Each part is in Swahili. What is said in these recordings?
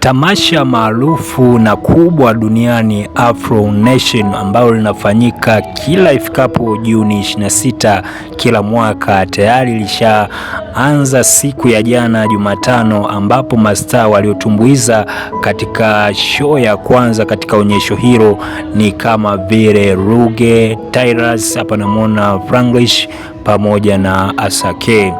Tamasha maarufu na kubwa duniani Afro Nation ambalo linafanyika kila ifikapo Juni 26 kila mwaka tayari lisha anza siku ya jana Jumatano, ambapo mastaa waliotumbuiza katika show ya kwanza katika onyesho hilo ni kama vile Ruge, Tyrus, hapa namwona Franklish pamoja na Asake.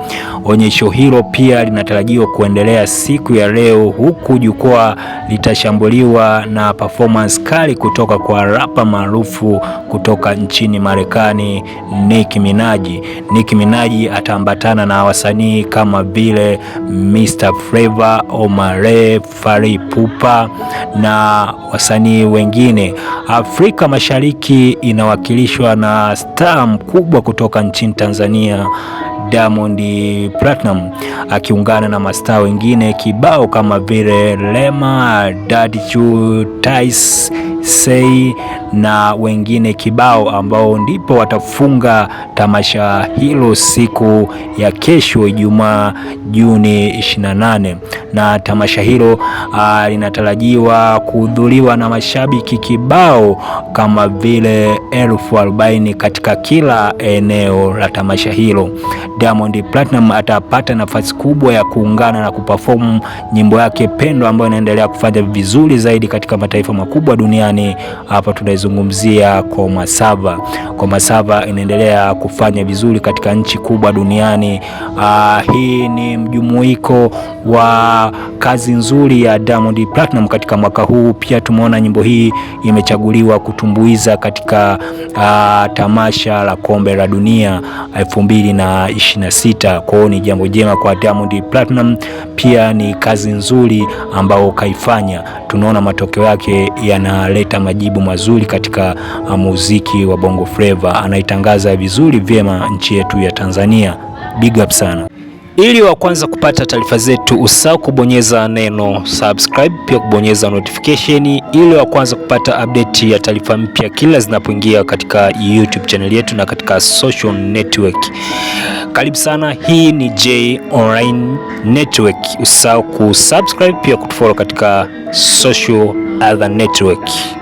Onyesho hilo pia linatarajiwa kuendelea siku ya leo, huku jukwaa litashambuliwa na performance kali kutoka kwa rapa maarufu kutoka nchini Marekani Nicki Minaj. Nicki Minaj ataambatana na wasanii wasanii kama vile Mr Flavor, Omare, fari pupa na wasanii wengine. Afrika Mashariki inawakilishwa na star mkubwa kutoka nchini Tanzania Diamond Platinum akiungana na mastaa wengine kibao kama vile Rema, Daddy Chu, Tice Sei na wengine kibao, ambao ndipo watafunga tamasha hilo siku ya kesho Ijumaa Juni 28, na tamasha hilo uh, linatarajiwa kuhudhuriwa na mashabiki kibao kama vile elfu arobaini katika kila eneo la tamasha hilo. Diamond Platinum atapata nafasi kubwa ya kuungana na kuperform nyimbo yake pendwa ambayo inaendelea kufanya vizuri zaidi katika mataifa makubwa duniani. Hapa tunaizungumzia Komasava. Komasava inaendelea kufanya vizuri katika nchi kubwa duniani. Ah, hii ni mjumuiko wa kazi nzuri ya Diamond Platinum katika mwaka huu. Pia tumeona nyimbo hii imechaguliwa kutumbuiza katika uh, tamasha la kombe la dunia 2026. Kwa ni jambo jema kwa Diamond Platinum, pia ni kazi nzuri ambao kaifanya. Tunaona matokeo yake yanaleta majibu mazuri katika uh, muziki wa Bongo Flava, anaitangaza vizuri vyema nchi yetu ya Tanzania. Big up sana. Ili wa kwanza kupata taarifa zetu, usahau kubonyeza neno subscribe, pia kubonyeza notification, ili wa kwanza kupata update ya taarifa mpya kila zinapoingia katika YouTube channel yetu na katika social network. Karibu sana, hii ni J Online Network. Usahau kusubscribe, pia kutufollow katika social other network.